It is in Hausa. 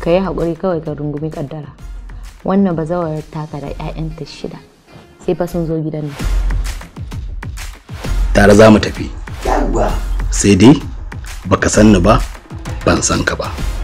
ka yi haƙuri kawai ka rungumi kaddara wannan ba bazawar taka da 'ya'yanta shida sai fa sun zo gidan nan tare za mu tafi sai dai baka san ni ba ban san ka ba